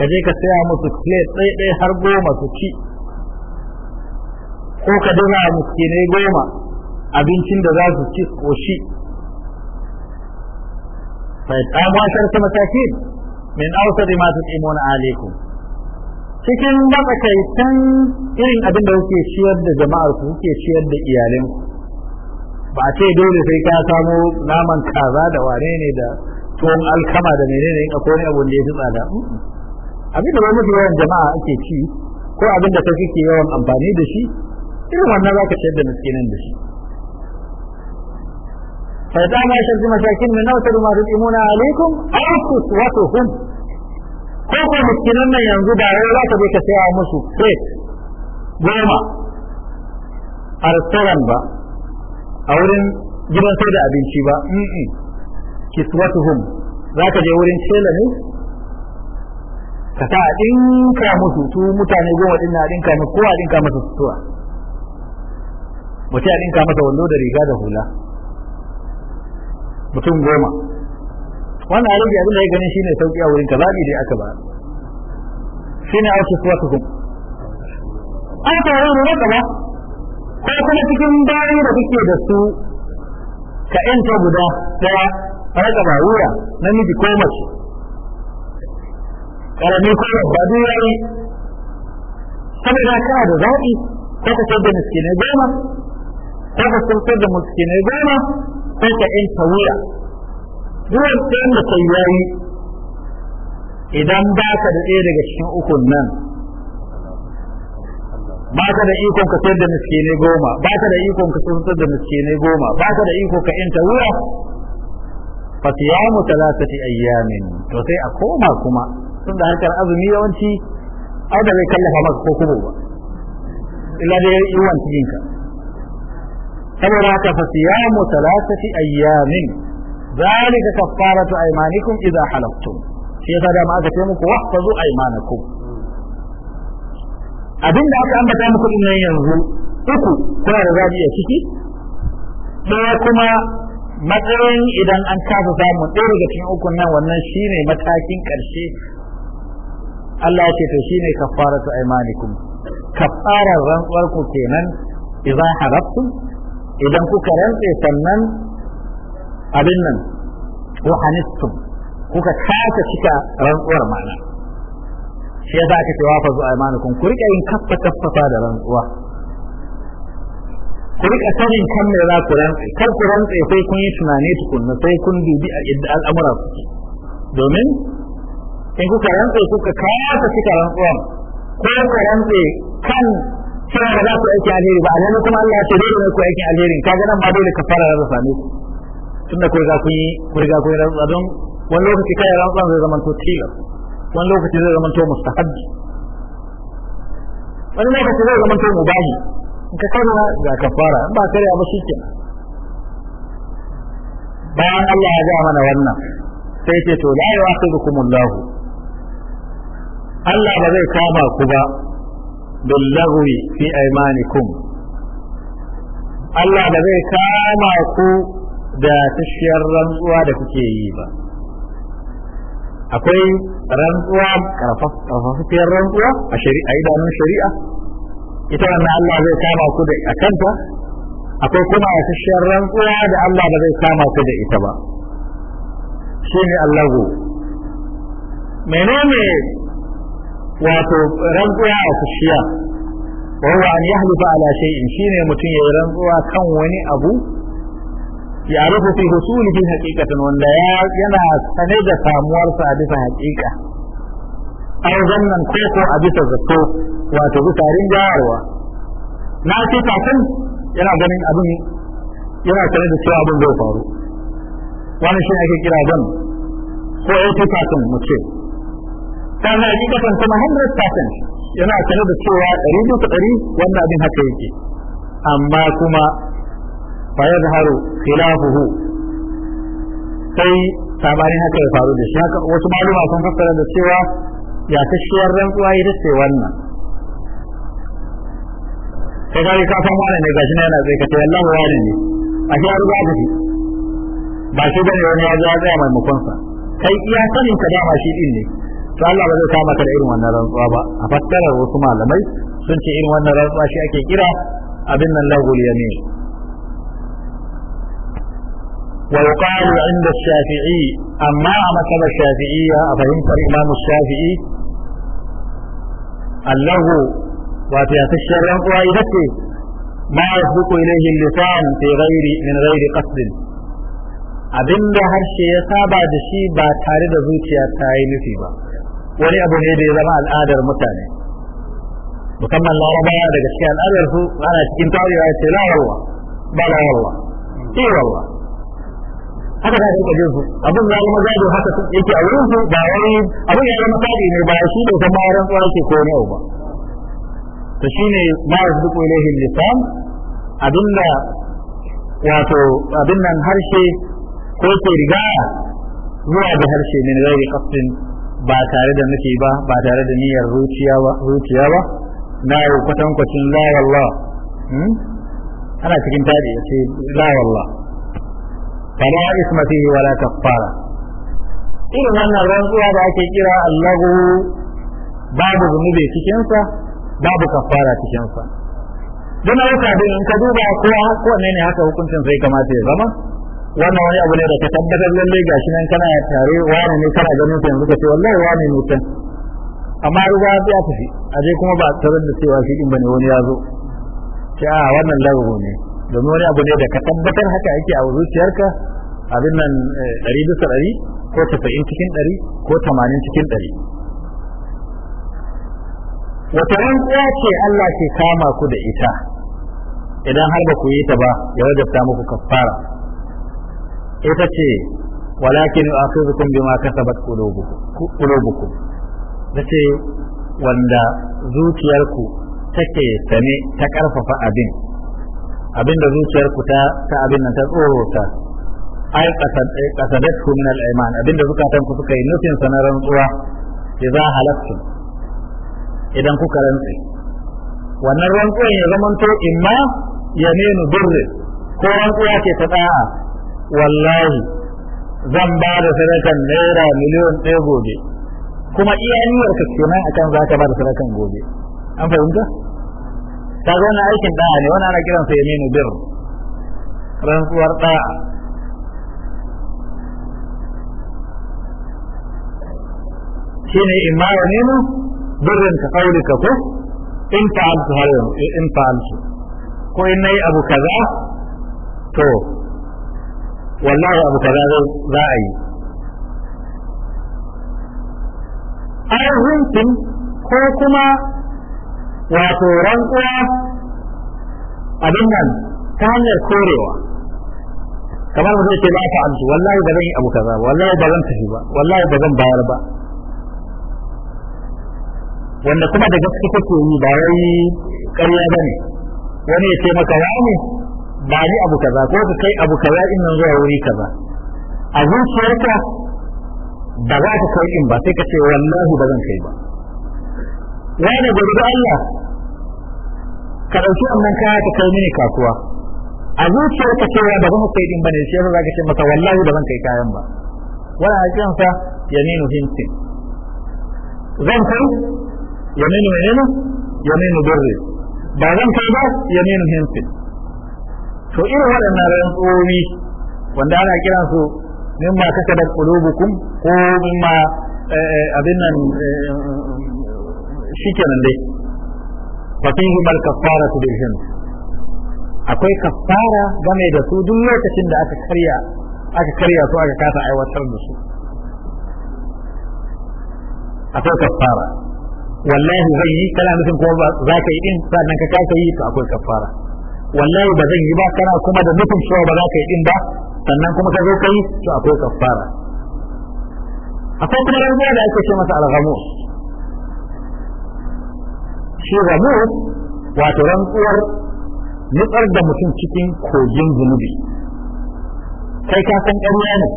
ka je ka saya musu plate ɗaya har goma su ci ko ka dora miskinai goma abincin da za su ci koshi sai ta mashar ta matakin min ausa da masu tsimon alaikum cikin matsakaitan irin abin da kuke ciyar da jama'ar ku kuke ciyar da iyalanku ba ce dole sai ka samo naman kaza da wane ne da tuwon alkama da menene in akwai abu da ya fi tsada abin da mafi yawan jama'a ake ci ko abin da kai ke yawan amfani da shi irin wannan za ka ciyar da miskinan da shi فإذا ما يشد مساكين من نوتر ما تطعمون عليكم أو كسوتهم كوكو مسكينان nan yanzu da rayuwa ta bai ka saya musu plate goma a ba a wurin gidan sai da abinci ba kiswatuhum za ka je wurin tela ne ka ta a dinka musu su mutane goma din na ɗinka ne kowa dinka masa sutura mutum a dinka masa wando da riga da hula mutum goma wannan rage abin da ya ganin shine sauki a wurin ka zaɓi dai aka ba shine auki suwatukum an ta yi ne ba ko kuma cikin bayi da kuke da su ka ta guda daya raka ba wuya miji ko mace karami ko ba duk yayi saboda kana da zaɓi ko ka sayar da miskinai goma ko ka sayar da miskinai goma ko ka yanta wuya duk wanda da kai yayi idan ba ka da ɗaya daga cikin ukun nan ba ka da ikon ka sayar da miskinai goma ba ka da ikon ka sayar da miskinai goma ba ka da iko ka yanta wuya fa siyamu thalathati ayyamin to sai a koma kuma da harkar azumi yawanci ai da zai kallafa maka ko kubo ba illa dai yawan cikin ka saboda haka fa siyamu thalathati ayyamin zalika kaffaratu aymanikum idha halaftum shi yasa da ma aka ce muku wahfazu aymanakum abin da aka ambata muku din nan yanzu uku kuna da zabi a ciki ɗaya kuma matsayin idan an kasa samun ɗaya daga cikin ukun nan wannan shine matakin ƙarshe Allah ya ce to shine kafaratu aymanikum kafarar rantsuwar ku kenan idan harabtum idan kuka rantse sannan abin nan wa hanistum kuka kasa cika rantsuwar ma'ana shi yasa aka ce wafa zuwa imanukum ku rika yin kaffa kaffa da rantsuwa ku rika sanin kan me za ku rantse kar ku rantse sai kun yi tunani tukunna sai kun dubi al'amura domin in kuka rantse kuka kasa cika rantsuwan ko ku rantse kan cewa ba za ku aiki alheri ba alhali kuma Allah ya ce dole ne ku aiki alheri kaga nan ba dole ka fara rasa ne tunda ku riga kun yi ku riga kun yi rantsuwa don wani lokaci kai rantsuwan zai zama to tilas wani lokaci zai zama to mustahabbi wani lokaci zai zama to mubahi in ka karya ga kafara in ba karya ba shike bayan Allah ya ga mana wannan sai ce to la yu'akhidhukumullahu Allah ba zai kama ku ba bil lagwi fi aymanikum Allah ba zai kama ku da tashiyar rantsuwa da kuke yi ba akwai rantsuwa karfafafiyar rantsuwa a shari'a idanun shari'a ita wannan Allah zai kama ku da a akwai kuma yasasshiyar rantsuwa da Allah ba zai kama ku da ita ba shi ne Allahu menene wato rantsuwa a kushiya wa huwa an yahlifa ala shay'in shine mutum ya rantsuwa kan wani abu ya rufe fi husulihi haqiqatan wanda yana sane da samuwarsa a bisa haqiqa aw zannan ko ko a bisa zato wato bisa rinjarwa na ce kafin yana ganin abin yana sane da cewa abin zai faru wani shi ake kira zan ko ya ce kafin mu ce kana hakikatan kuma 100% yana sane da cewa 100 duka 100 wannan abin haka yake amma kuma fa yadharu khilafuhu sai sabanin haka ya faru da shi haka wasu maluma sun fassara da cewa ya kashiyar rantsuwa ita ce wannan sai gari ka san wani ne gashi na yana zai kace wallahi wani ne a ji arba da shi ba shi da wani ya ja tsaya maimakon sa kai iya sanin ka dama shi din ne to Allah ba zai ka maka da irin wannan rantsuwa ba a fassarar wasu malamai sun ce irin wannan rantsuwa shi ake kira abin nan lahul yamin ويقال عند الشافعي أما مثل الشافعية أفهمت الإمام الشافعي أنه وفي الشرع قائدته ما يسبق إليه اللسان في غير من غير قصد أبن هر شيء يصاب جشي باتاري دزوتي أتاي نسيبا ولي أبو نيدي زماء الآدر متانة مكمل الله ربا يادك الشيء الأدر هو أنا شكين تعري لا والله بلا والله إيه والله haka za su kaje su abin ya zama gado haka yake a wurin su ba wani abin ya zama gado ne ba shi da kuma ran tsara ke ko ne ba to shine ma yasduqu ilayhi lisan abinda wato abin nan harshe ko ke riga zuwa da harshe ne na ghairi kafin ba tare da nufi ba ba tare da niyyar zuciya ba zuciya ba na yi kwatankwacin la wallah hmm? ana cikin tare ya ce la wallah fala isma fihi wala irin wannan rantsuwa da ake kira Allahu babu zunubi cikinsa babu kafara cikinsa don haka da in ka duba ko ko ne ne haka hukuncin sai kamata ya zama wannan wani abu ne da ka tabbatar lalle gashi nan kana tare wani ne kana ganin sa yanzu ka ce wani ne mutum amma ruwa ya tafi a kuma ba tsaron da cewa shi din bane wani ya zo ce a wannan lagu ne domin wani abu ne da ka tabbatar haka yake a zuciyarka abin nan eh, ɗari bisa ɗari ko tafa'in cikin ɗari ko tamanin cikin ɗari wata rantsuwa ce Allah ke kama ku da ita idan har ba ku yi ta ba ya wajabta muku kafara ita ce walakin yu'akhidhukum bima kasabat ta ce wanda zuciyarku take sane ta karfafa abin abinda zuciyar ku ta ta abin nan ta tsorota ai qasadat eh, ku min al-iman abinda zukatan ku suka yi nufin sa na rantsuwa idza halaftum idan kuka rantsi wannan rantsuwan ya zama to imma yaminu birri ko rantsuwa ce ta da'a wallahi zan ba da sadakan naira miliyon ɗaya gobe kuma iya niyyar ka kenan akan za ka ba da sadakan gobe an fahimta kaga na aikin da'a ne wannan ana kiransa minu bir rantsuwar Shi ne in imma yaminu birin ka qaulika ko in fa'altu har yau eh, in fa'altu ko in nayi abu kaza to wallahi abu kaza za a yi ayyukan ko kuma wato rantsuwa abin nan ta hanyar korewa kamar mutum ce la fa'altu wallahi ba zan yi abu kaza ba wallahi ba zan tafi ba wallahi ba zan bayar ba wanda kuma da gaske kake yi ba wai ƙarya ba ne wani ya ce maka wani ba ni abu kaza ko ka kai abu kaza in nan zuwa wuri kaza a zuciyarka ba za ka kai in ba sai ka ce wallahi ba zan kai ba wani gobe Allah ka dauki wannan kaya ka kai mini kasuwa a zuciyar ka cewa ba zan kai din bane shi yasa zaka ce masa wallahi ba zan kai kayan ba wala hakan sa yaminu hinsin zan kai yaminu yana yaminu birri ba zan kai ba yaminu hinsin to irin waɗannan rantsuwowi wanda ana kiransu mimma da kulubukum ko mimma eh, eh, abin nan eh, shikenan dai ففيه ما الكفارة بالهند akwai kafara game da su duk lokacin da aka karya aka karya su aka kasa aiwatar da su akwai kafara wallahi zan yi kana nufin kuma za ka yi din sannan ka kasa yi to akwai kafara wallahi ba zan yi ba kana kuma da nufin cewa ba za ka yi din ba sannan kuma to akwai akwai kuma da ake ce masa alghamus shi mu wato rantsuwar nutsar da mutum cikin kogin zunubi kai ka san ƙarya ne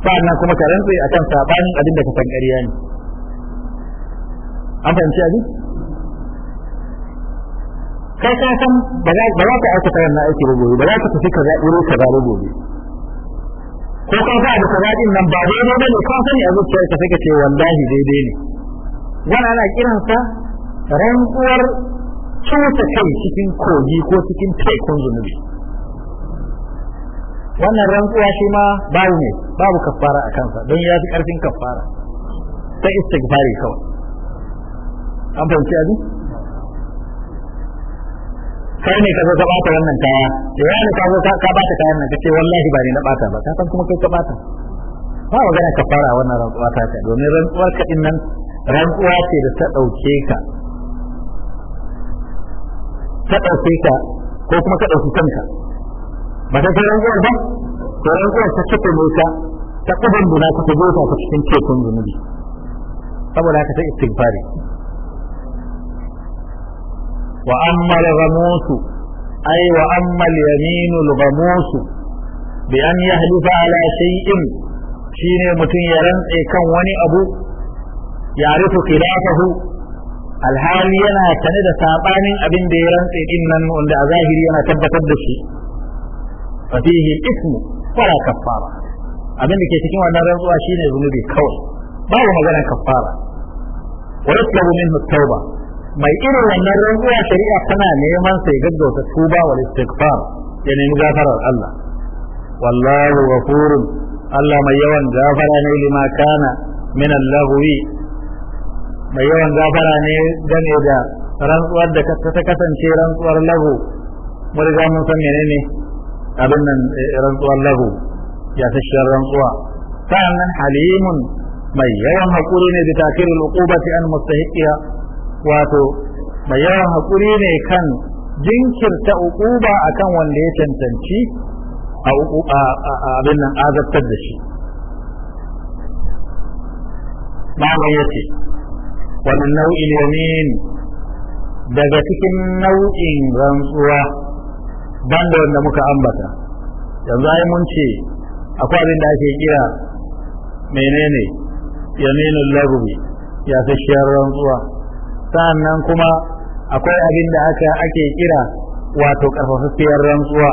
sa'annan kuma ka a akan sabanin abin da ka san ƙarya ne an fahimci abin kai ka san ba za ka aikata na aiki ba gobe ba za ka tafi ka zaɓi ne ka zaɓi gobe ko ka ga da sabanin nan ba daidai ba ne ka sani a ka sai ka ce wallahi daidai ne wannan ana kiransa rantsuwar cuta kai cikin kogi ko cikin tekun zunubi wannan rantsuwa shi ma babu ne babu kafara a kansa don ya fi karfin kafara ta istighfari kawai an fahimci abin kai ne ka zo ka bata wannan kaya to ya ne ka zo ka bata kayan nan kace wallahi ba ni na bata ba ka san kuma kai ka bata ba magana kafara wannan rantsuwa ta domin rantsuwar ka din nan rantsuwa ce da ta dauke ka ka ɗauke ka ko kuma ka ɗauki kanka ba ta kai rantsuwar ba to rantsuwar ta cike ne ka ta ƙudan duna ka ta jefa ta cikin tekun zunubi saboda haka ta istighfari wa amma al-ghamusu ay wa amma al-yaminu al-ghamusu bi an yahlifa ala shay'in shine mutum ya rantse kan wani abu ya rufe khilafahu alhali yana tare da sabanin abin da ya rantse din nan wanda a zahiri yana tabbatar da shi fa fihi ismu fara kaffara abin da ke cikin wannan rantsuwa shine zunubi kawai babu maganar kaffara wa yatlubu minhu tauba mai irin wannan rantsuwa shari'a tana neman sai gaggauta tuba wal istighfar ya nemi gafarar Allah wallahu ghafurun Allah mai yawan gafara ne lima kana min al mai yawan gafara ne game da rantsuwar da ta kasance rantsuwar lagu. mun riga mun san menene abin nan eh, rantsuwar lagu ya tashiyar rantsuwa sa'annan halimun mai yawan hakuri ne da takirin uqubati an mustahikiya. wato mai yawan hakuri ne kan jinkirta uquba akan wanda ya cancanci a abin nan azabtar da shi ma'ana yace ومن نوع اليمين yamin daga cikin nau'in rantsuwa ban da wanda muka ambata yanzu ai mun ce akwai abin da ake kira menene yaminul lagubi ya shiyar rantsuwa sannan kuma akwai abin da aka ake kira wato karfafafiyar rantsuwa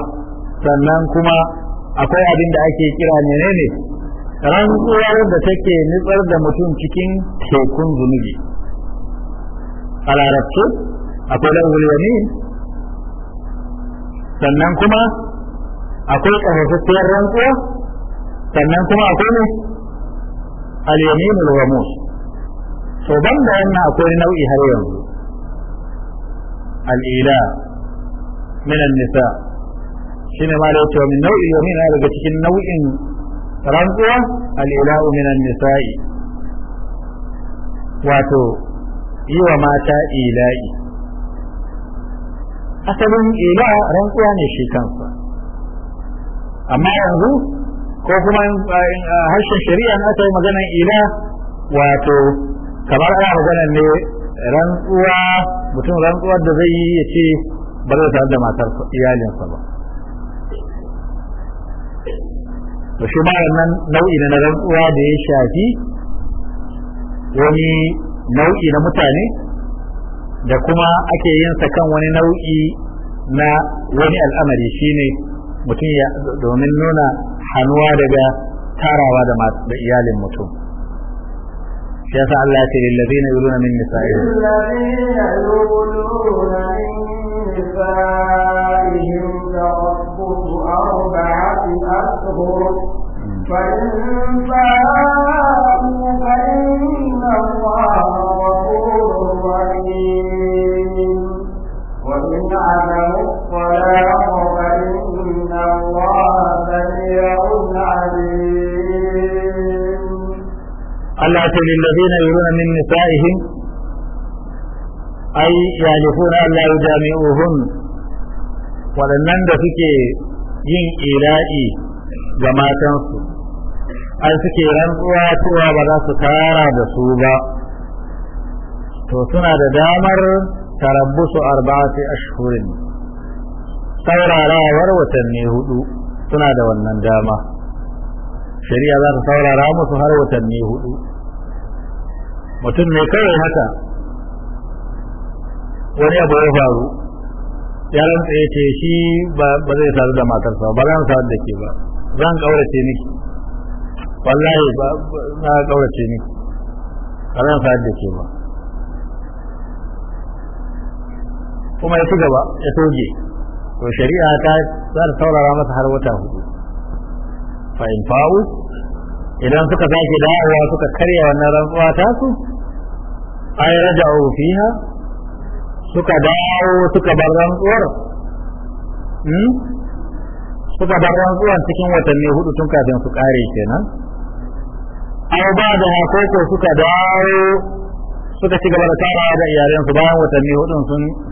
sannan kuma akwai abin da ake kira menene Rantsuwar da take nitsar da mutum cikin tekun zunubi a akwai lafzul yamin sannan kuma akwai ƙarfafaffiyar rantsuwa sannan kuma akwai ne al-yamin al-ghamus to ban da wannan akwai nau'i har yanzu al-ila min an-nisa shine ma da yake min nau'i yamin daga cikin nau'in rantsuwa al-ila min an nisa wato yi wa mata ila'i asalin ila rantsuwa ne shi kansa amma yanzu ko kuma harshen shari'a na aka yi maganar ila wato kamar ana maganar ne rantsuwa mutum rantsuwar da zai yi ya ce ba zai tare da matar iyalinsa ba da shi ma nan nau'i na rantsuwa da ya shafi wani nau'i na mutane da kuma ake yin sa kan wani nau'i na wani al'amari shine mutum ya domin nuna hannuwa daga tarawa da da iyalin mutum shi yasa Allah ya ce lillazina yuluna min nisa'ihim للذين يرون من نسائهم أي يالفون ألا يجامعوهن waɗannan da suke yin ila'i ga matansu ai suke rantsuwa cewa ba za su tara da su ba to suna da damar tarabbusu arba'ati ashhurin saurarawar watanni hudu suna da wannan dama shari'a za ta saurara musu har watanni hudu mutum ne kawai haka wani abu ya faru ya rantsa ya ce shi ba zai sadu da matarsa ba zan sadu da ke ba zan kaurace miki wallahi ba na kaurace miki ba zan sadu da ke ba kuma ya ci gaba ya toge to shari'a ta za ta saurara masa har wata hudu fa in fa'u idan suka sake dawowa suka karya wannan rantsuwa ta su ay raja'u fiha suka dawo suka bar rantsuwar hmm? suka bar rantsuwar cikin watanni hudu tun kafin su kare kenan aw ba da ko suka dawo suka ci gaba da tarawa da iyalansu bayan watanni hudu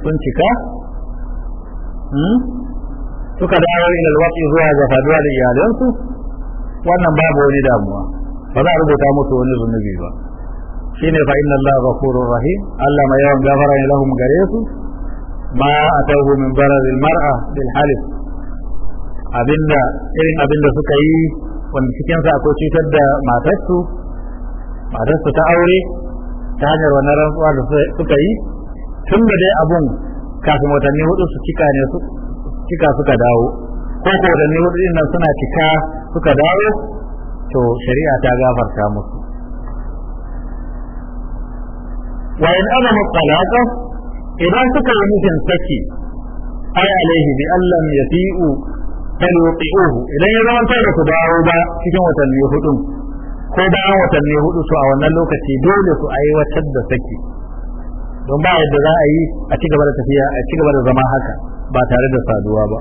sun cika hmm? suka dawo ila alwaqi zuwa ga faduwa da iyalansu wannan babu wani damuwa ba za a rubuta musu wani zunubi ba shine fa inna allaha ghafurur rahim allah ma yawan gafara ne lahum gare su ma atahu min barazil mar'a bil halif abinda irin abinda suka yi wanda cikin sa akwai cutar da matarsu matarsu ta aure ta hanyar wannan rantsuwa da suka yi tun da dai abun kafin watanni hudu su cika ne su cika suka dawo ko ko watanni hudu din nan suna cika suka dawo to shari'a ta gafarta musu wa in azama talaqa idan suka yi mijin saki ai alaihi bi ya fi'u fal yuqi'uhu idan ya zama ta su dawo ba cikin watanni hudu ko bayan watanni hudu su a wannan lokaci dole su aiwatar da saki don ba yadda za a yi a ci gaba da tafiya a ci gaba da zama haka ba tare da saduwa ba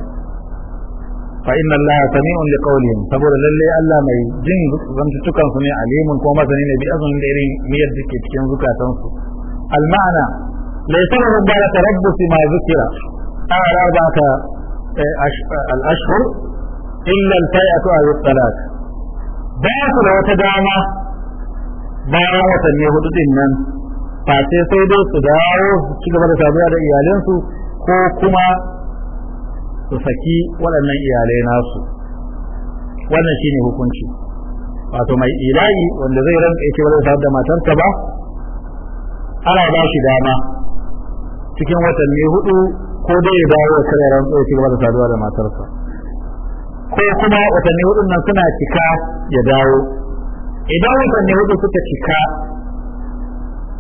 fa inna Allah sami'un li qawlihim saboda lallai Allah mai jin zantutukan su ne alimun kuma masani ne bi azumin da irin miyar da ke cikin zukatansu. المعنى ليس لهم بعد تربص ما ذكر قال أربعة الأشهر إلا الفئة أو الثلاثة باطل وتدامة بارا وتن يهود دينا فاتي سيدو سداو كيف بدأت أبيع لإيالين سو كوكما تسكي ولن إيالين أصو ونشيني هو كنشي فاتو ما إيلاي وان لغيرا إيكي بدأت أبدا ما تركبه ana ba shi dama cikin watanni hudu ko dai ya dawo ya kare ran tsaye gaba da saduwa da matarsa ko kuma watanni hudu nan suna cika ya dawo idan watanni hudu suka cika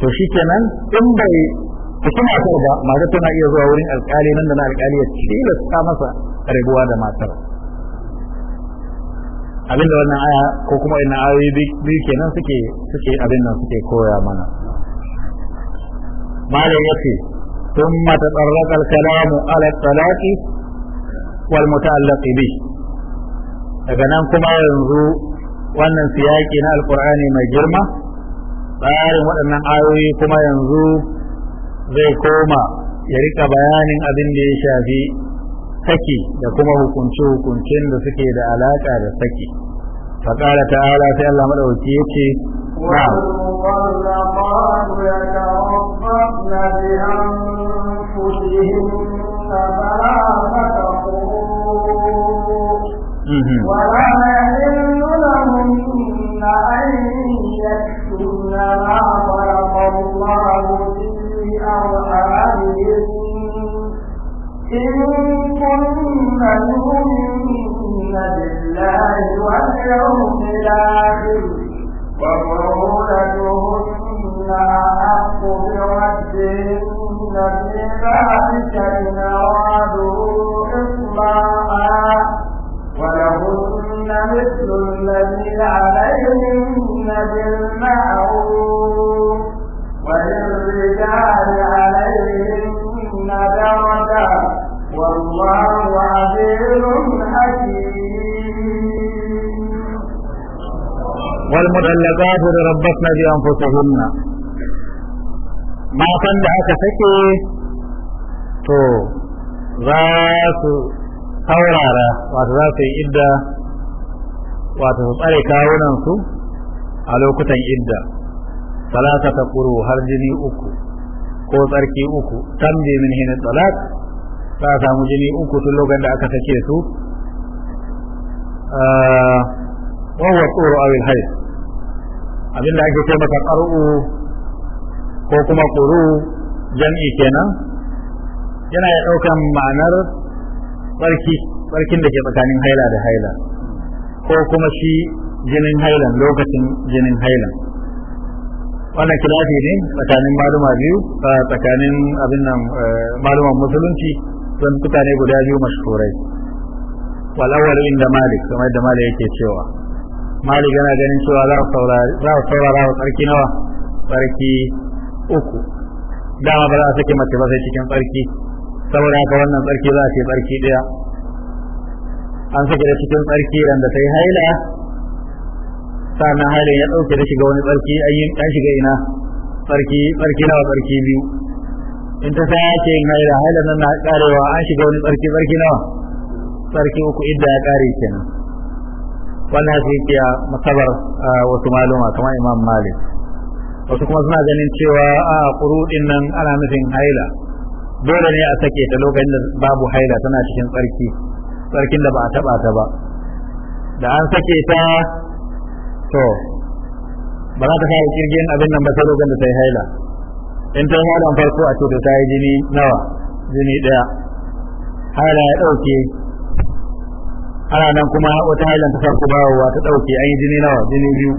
to shi kenan in bai kuma matar ba matar tana iya zuwa wurin alkali nan da na alkali ya tilasta masa rabuwa da matar abinda wannan aya ko kuma ina ayoyi biyu kenan suke suke abin nan suke koya mana malam yace ثم تطرق الكلام على الطلاق والمتعلق bi. daga nan kuma yanzu wannan siyaki na alkur'ani mai girma tsarin waɗannan ayoyi kuma yanzu zai koma ya rika bayanin abin da ya shafi saki da kuma hukunce-hukuncen da suke da alaƙa da saki faƙara ta'ala sai Allah maɗauki yake نعم. والمطلقات يتربصن بأنفسهن ثلاثة قروء ولا يحل لهن أن يكتمن ما خلق الله في أرحامهن إن كن يؤمن بالله واليوم الآخر وبعولتهن أحق بردهن في إن أرادوا إصلاحا ولهن مثل الذي عليهن بالمعروف وللرجال عليهن درجة والله عزيز حكيم والمطلقات ربطن بأنفسهن ما كان da aka sake to za su saurara wato za su yi idda wato su tsare kawunansu a lokutan idda talata ta kuru har jini uku ko tsarki uku tambi min hinin talat za a samu jini uku tun lokacin da aka sake su wa huwa tsoro awil hayd abinda ake ce masa ko kuma quru jam'i kenan yana ya ma'anar barki barkin da ke tsakanin haila da haila ko kuma shi jinin hailan lokacin jinin hailan wannan kilafi ne tsakanin maluma biyu tsakanin abin nan maluman musulunci don mutane guda biyu mashhurai wal awwal inda malik kamar da malik yake cewa malik yana ganin cewa za a saurara wa tsarki nawa tsarki uku dama ba za a sake mace ba sai cikin tsarki saboda haka wannan tsarki za a ce tsarki daya an sake da cikin tsarki ran da ta yi haila sannan hailin ya dauke da shiga wani tsarki an shiga ina tsarki tsarki nawa tsarki biyu in ta sa yake yin haila haila nan na karewa an shiga wani tsarki tsarki nawa tsarki uku idda ya kare kenan wannan shi ke a wasu maluma kamar imam malik wasu kuma suna ganin cewa a kurudin nan ana nufin haila dole ne a sake ta lokacin da babu haila tana cikin tsarki tsarkin da ba a taba ta ba da an sake ta to ba za ta fara kirgin abin nan ba sai lokacin da ta yi haila in ta yi haila farko a ce ta yi jini nawa jini daya haila ya dauke ana nan kuma wata hailan ta farko bawa ta ɗauke an yi jini nawa jini biyu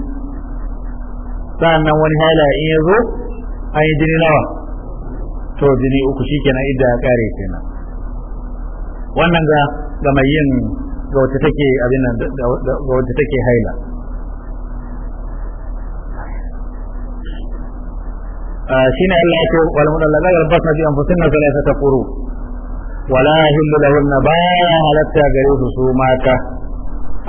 sa'annan wani haila in ya zo an yi jini nawa to jini uku shikenan idda ya kare kenan wannan ga ga mai yin ga wacce take abin nan ga wacce take haila ah, shine Allah ya ce wal mudallaka yalbasna bi anfusihinna thalathata quru ولا يهم لهن بايا هلتا غريب سوماتا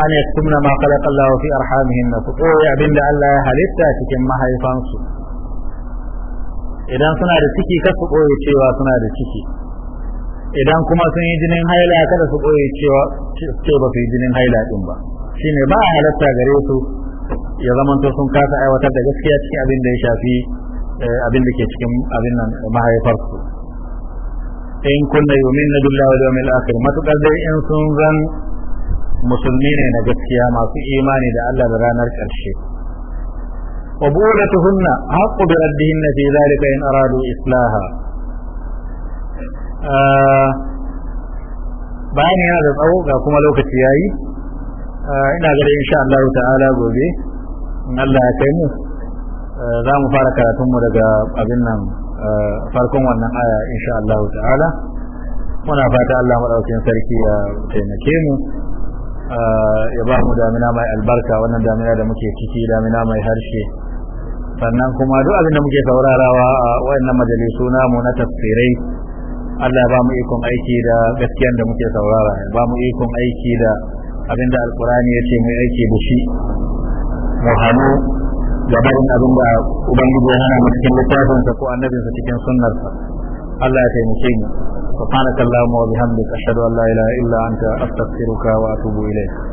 أن يكتمن ما خلق الله في أرحامهن فقوي أبن الله هلتا تكن ما هيفانسو idan suna da ciki ka su ɓoye cewa suna da ciki idan kuma sun yi jinin haila kada su ɓoye cewa ce ba su yi jinin haila ɗin ba shine ba a halatta gare su ya zamanto sun kasa aiwatar da gaskiya cikin abin da ya shafi abin da ke cikin abin nan mahaifarsu in kunna yu'minna billahi da yawmil akhir matukar dai in sun zan musulmi ne na gaskiya masu imani da Allah da ranar ƙarshe wa bu'ulatuhunna haqqu bi raddihinna fi zalika in aradu islaha ah, bayan yana da tsawo ga kuma lokaci yayi ah, ina gari insha Allah ta'ala gobe in Allah ya kai mu ah, za mu fara karatunmu daga abin nan farkon wannan aya insha Allah ta'ala muna fata Allah madaukakin sarki ya taimake mu ya ba mu damina mai albarka wannan damina da muke ciki damina mai harshe sannan kuma duk abin da muke saurarawa a wayannan majalisu mu na tafsirai Allah bamu ba mu ikon aiki da gaskiyan da muke saurara ya ba mu ikon aiki da abinda alkurani ya ce mu aiki da shi mu hannu labarin abin da ubangiji ya hana mu cikin littafin sa ko annabin sa cikin sunnar sa Allah ya taimake mu subhanakallahumma wa bihamdika ashhadu an la ilaha illa anta astaghfiruka wa atubu ilayk